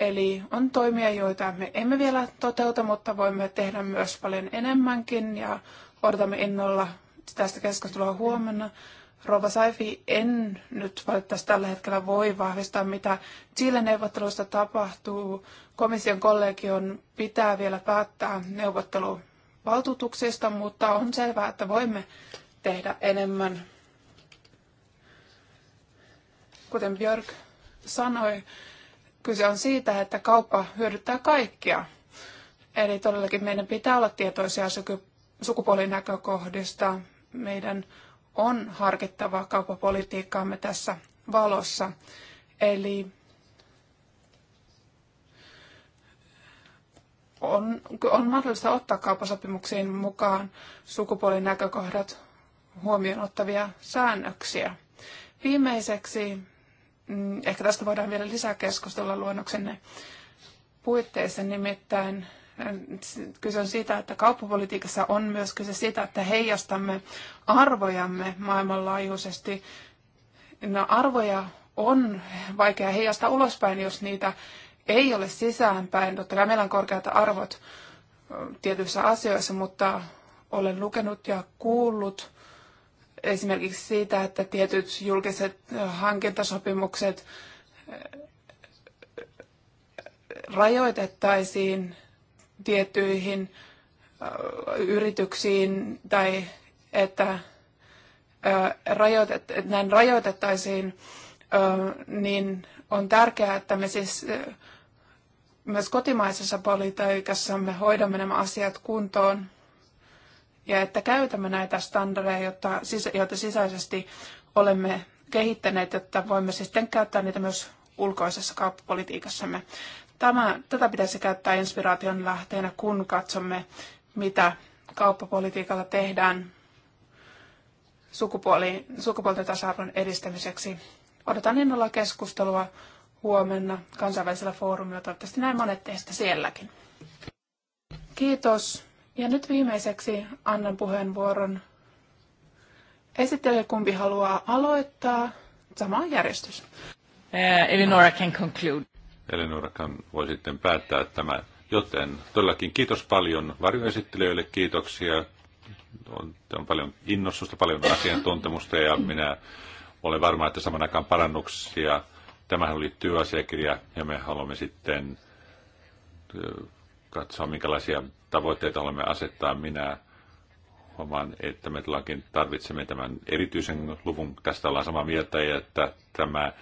Eli on toimia, joita me emme vielä toteuta, mutta voimme tehdä myös paljon enemmänkin ja odotamme innolla tästä keskustelua huomenna. Rova Saifi, en nyt valitettavasti tällä hetkellä voi vahvistaa, mitä Chilen neuvotteluista tapahtuu. Komission kollegion pitää vielä päättää neuvotteluvaltuutuksista, mutta on selvää, että voimme tehdä enemmän. Kuten Björk sanoi, kyse on siitä, että kauppa hyödyttää kaikkia. Eli todellakin meidän pitää olla tietoisia sukupuolinäkökohdista. Meidän on harkittava kauppapolitiikkaamme tässä valossa. Eli on, on mahdollista ottaa kauppasopimuksiin mukaan sukupuolinäkökohdat huomioon ottavia säännöksiä. Viimeiseksi, mm, ehkä tästä voidaan vielä lisää keskustella luonnoksenne puitteissa, nimittäin kyse on siitä, että kauppapolitiikassa on myös kyse siitä, että heijastamme arvojamme maailmanlaajuisesti. No, arvoja on vaikea heijastaa ulospäin, jos niitä ei ole sisäänpäin. Totta kai meillä on korkeat arvot tietyissä asioissa, mutta olen lukenut ja kuullut esimerkiksi siitä, että tietyt julkiset hankintasopimukset rajoitettaisiin tiettyihin yrityksiin tai että rajoitet, näin rajoitettaisiin, niin on tärkeää, että me siis myös kotimaisessa politiikassamme hoidamme nämä asiat kuntoon ja että käytämme näitä standardeja, jotta, joita sisäisesti olemme kehittäneet, jotta voimme sitten käyttää niitä myös ulkoisessa kauppapolitiikassamme. Tämä, tätä pitäisi käyttää inspiraation lähteenä, kun katsomme, mitä kauppapolitiikalla tehdään sukupuolten tasa-arvon edistämiseksi. Odotan innolla keskustelua huomenna kansainvälisellä foorumilla. Toivottavasti näin monet teistä sielläkin. Kiitos. Ja nyt viimeiseksi annan puheenvuoron. esittelijä, kumpi haluaa aloittaa. Sama järjestys. Uh, eh, Eleonora can conclude. Eleonorakan voi sitten päättää tämä. Joten todellakin kiitos paljon varjoesittelijöille, kiitoksia. On, on paljon innostusta, paljon asiantuntemusta ja minä olen varma, että saman aikaan parannuksia. Tämähän oli työasiakirja ja me haluamme sitten katsoa, minkälaisia tavoitteita olemme asettaa. Minä huomaan, että me tarvitsemme tämän erityisen luvun. Tästä ollaan samaa mieltä ja että tämä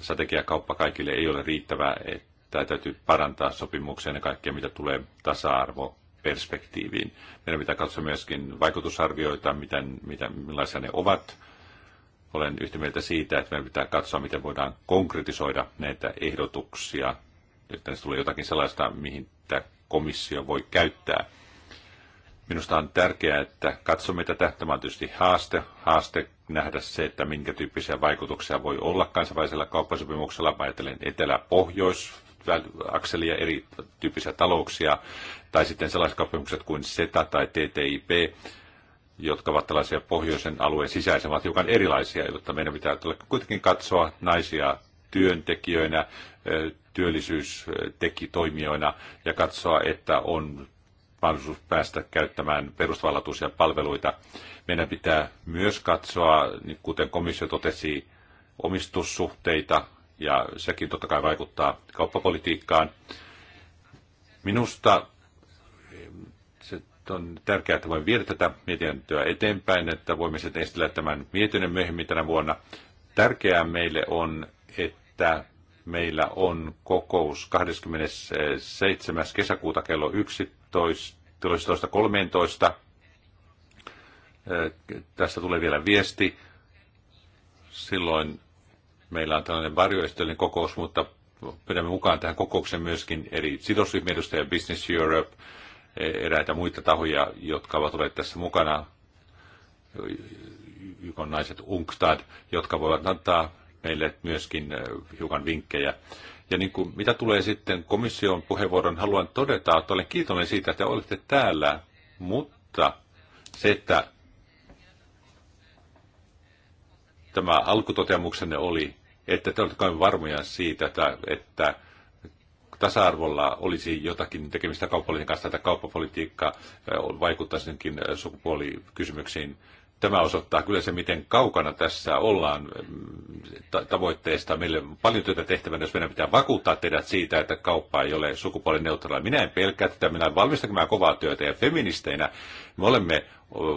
strategiakauppa kaikille ei ole riittävää, että täytyy parantaa sopimuksia ja kaikkea, mitä tulee tasa-arvo perspektiiviin. Meidän pitää katsoa myöskin vaikutusarvioita, miten, miten, millaisia ne ovat. Olen yhtä mieltä siitä, että meidän pitää katsoa, miten voidaan konkretisoida näitä ehdotuksia, että se tulee jotakin sellaista, mihin tämä komissio voi käyttää. Minusta on tärkeää, että katsomme tätä. Tämä on tietysti haaste, haaste nähdä se, että minkä tyyppisiä vaikutuksia voi olla kansainvälisellä kauppasopimuksella. Ajattelen etelä-pohjois akselia, eri tyyppisiä talouksia, tai sitten sellaiset kauppasopimukset kuin SETA tai TTIP, jotka ovat tällaisia pohjoisen alueen sisäisiä, ovat hiukan erilaisia, jotta meidän pitää tulla kuitenkin katsoa naisia työntekijöinä, työllisyysteki toimijoina ja katsoa, että on mahdollisuus päästä käyttämään perustavanlaatuisia palveluita. Meidän pitää myös katsoa, niin kuten komissio totesi, omistussuhteita, ja sekin totta kai vaikuttaa kauppapolitiikkaan. Minusta se on tärkeää, että voimme viedä tätä mietintöä eteenpäin, että voimme sitten esitellä tämän mietinnön myöhemmin tänä vuonna. Tärkeää meille on, että meillä on kokous 27. kesäkuuta kello 11 11.13. Tästä tulee vielä viesti. Silloin meillä on tällainen varjoistollinen kokous, mutta pidämme mukaan tähän kokoukseen myöskin eri sidosryhmien edustajia, Business Europe, eräitä muita tahoja, jotka ovat olleet tässä mukana, YK naiset UNCTAD, jotka voivat antaa meille myöskin hiukan vinkkejä ja niin kuin, mitä tulee sitten komission puheenvuoron, haluan todeta, että olen kiitollinen siitä, että olette täällä, mutta se, että tämä alkutoteamuksenne oli, että te olette kai varmoja siitä, että, että tasa-arvolla olisi jotakin tekemistä kauppapolitiikan kanssa, että kauppapolitiikka eh, vaikuttaisi eh, sukupuolikysymyksiin tämä osoittaa kyllä se, miten kaukana tässä ollaan mm, tavoitteesta. Meillä on paljon työtä tehtävänä, jos meidän pitää vakuuttaa teidät siitä, että kauppa ei ole sukupuolineutraali. Minä en pelkää tätä, minä valmistakin kovaa työtä ja feministeinä me olemme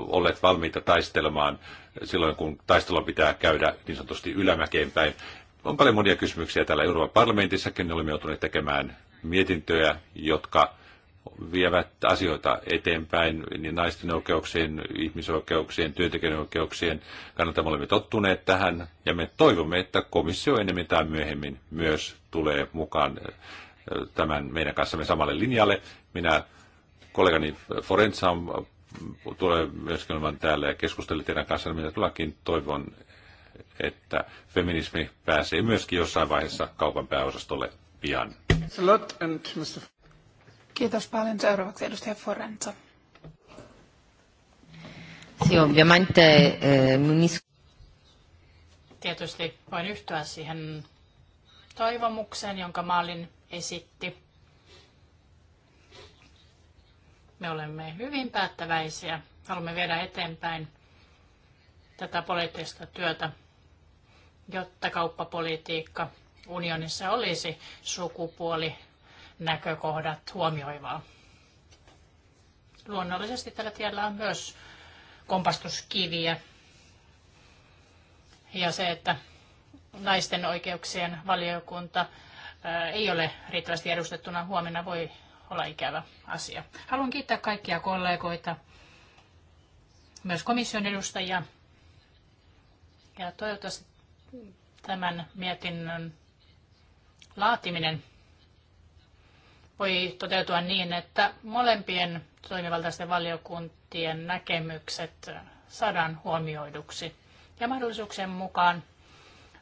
olleet valmiita taistelemaan silloin, kun taistelua pitää käydä niin sanotusti ylämäkeen päin. On paljon monia kysymyksiä täällä Euroopan parlamentissakin, olemme joutuneet tekemään mietintöjä, jotka vievät asioita eteenpäin, niin naisten oikeuksien, ihmisoikeuksien, työntekijän oikeuksien kannalta me olemme tottuneet tähän, ja me toivomme, että komissio enemmän tai myöhemmin myös tulee mukaan äh, tämän meidän kanssamme samalle linjalle. Minä kollegani Forensa tulee myöskin olemaan täällä ja keskusteli teidän kanssa, mitä tullakin toivon, että feminismi pääsee myöskin jossain vaiheessa kaupan pääosastolle pian. Kiitos paljon. Seuraavaksi edustaja Forenza. Sì, ovviamente eh, mi Tietysti voin yhtyä siihen toivomukseen, jonka Maalin esitti. Me olemme hyvin päättäväisiä. Haluamme viedä eteenpäin tätä poliittista työtä, jotta kauppapolitiikka unionissa olisi sukupuoli näkökohdat huomioivaa. Luonnollisesti tällä tiellä on myös kompastuskiviä ja se, että naisten oikeuksien valiokunta ei ole riittävästi edustettuna huomenna voi olla ikävä asia. Haluan kiittää kaikkia kollegoita, myös komission edustajia. Ja toivottavasti tämän mietinnön laatiminen voi toteutua niin, että molempien toimivaltaisten valiokuntien näkemykset saadaan huomioiduksi. Ja mahdollisuuksien mukaan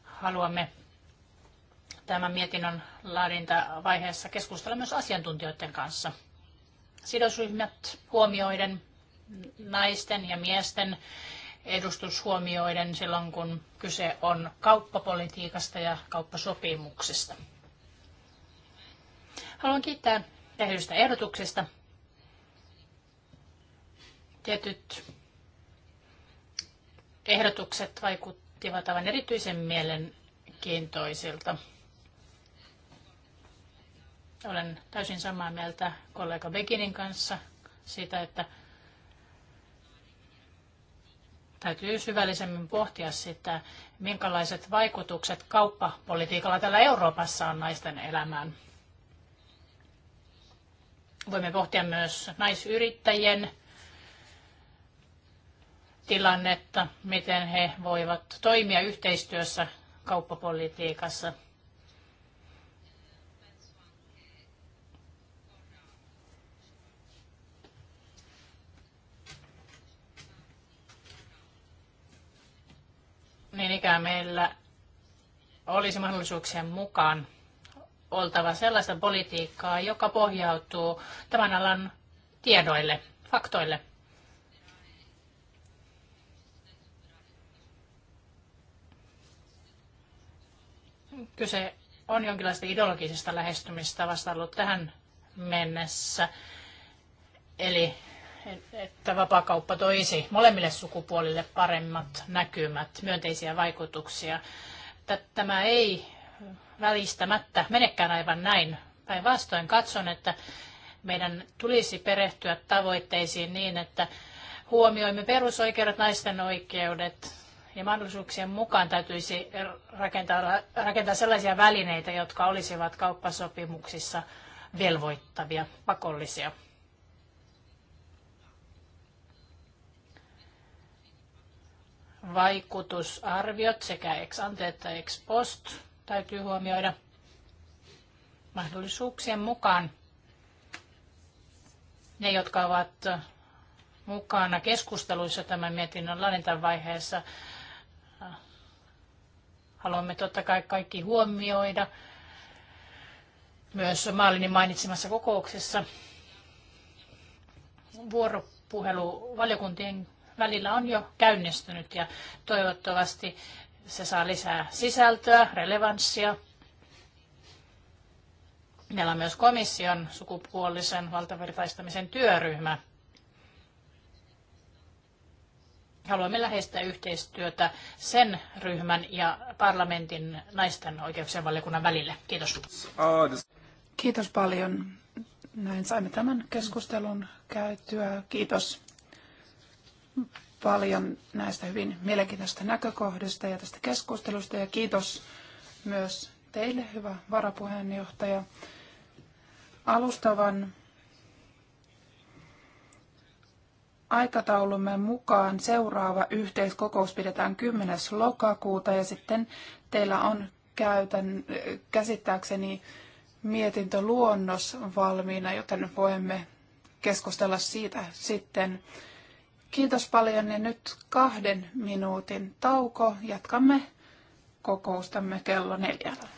haluamme tämän mietinnön laadintavaiheessa keskustella myös asiantuntijoiden kanssa. Sidosryhmät huomioiden, naisten ja miesten edustus huomioiden silloin, kun kyse on kauppapolitiikasta ja kauppasopimuksista. Haluan kiittää tehdystä ehdotuksesta. Tietyt ehdotukset vaikuttivat aivan erityisen mielenkiintoisilta. Olen täysin samaa mieltä kollega Beginin kanssa siitä, että täytyy syvällisemmin pohtia sitä, minkälaiset vaikutukset kauppapolitiikalla täällä Euroopassa on naisten elämään. Voimme pohtia myös naisyrittäjien tilannetta, miten he voivat toimia yhteistyössä kauppapolitiikassa. Niin ikään meillä olisi mahdollisuuksien mukaan oltava sellaista politiikkaa, joka pohjautuu tämän alan tiedoille, faktoille. Kyse on jonkinlaista ideologisesta lähestymistä vasta ollut tähän mennessä. Eli että vapakauppa toisi molemmille sukupuolille paremmat näkymät, myönteisiä vaikutuksia. Tämä ei välistämättä menekään aivan näin. Päinvastoin katson, että meidän tulisi perehtyä tavoitteisiin niin, että huomioimme perusoikeudet, naisten oikeudet ja mahdollisuuksien mukaan täytyisi rakentaa, rakentaa sellaisia välineitä, jotka olisivat kauppasopimuksissa velvoittavia, pakollisia. Vaikutusarviot sekä ex ante että ex post täytyy huomioida mahdollisuuksien mukaan ne, jotka ovat mukana keskusteluissa tämän mietinnön vaiheessa, Haluamme totta kai kaikki huomioida myös Maalinin mainitsemassa kokouksessa. Vuoropuhelu valiokuntien välillä on jo käynnistynyt ja toivottavasti se saa lisää sisältöä, relevanssia. Meillä on myös komission sukupuolisen valtavirtaistamisen työryhmä. Haluamme läheistä yhteistyötä sen ryhmän ja parlamentin naisten oikeuksien valiokunnan välille. Kiitos. Kiitos paljon. Näin saimme tämän keskustelun käytyä. Kiitos paljon näistä hyvin mielenkiintoisista näkökohdista ja tästä keskustelusta. Ja kiitos myös teille, hyvä varapuheenjohtaja, alustavan aikataulumme mukaan seuraava yhteiskokous pidetään 10. lokakuuta ja sitten teillä on käytän, käsittääkseni mietintöluonnos valmiina, joten voimme keskustella siitä sitten. Kiitos paljon ja nyt kahden minuutin tauko. Jatkamme kokoustamme kello neljällä.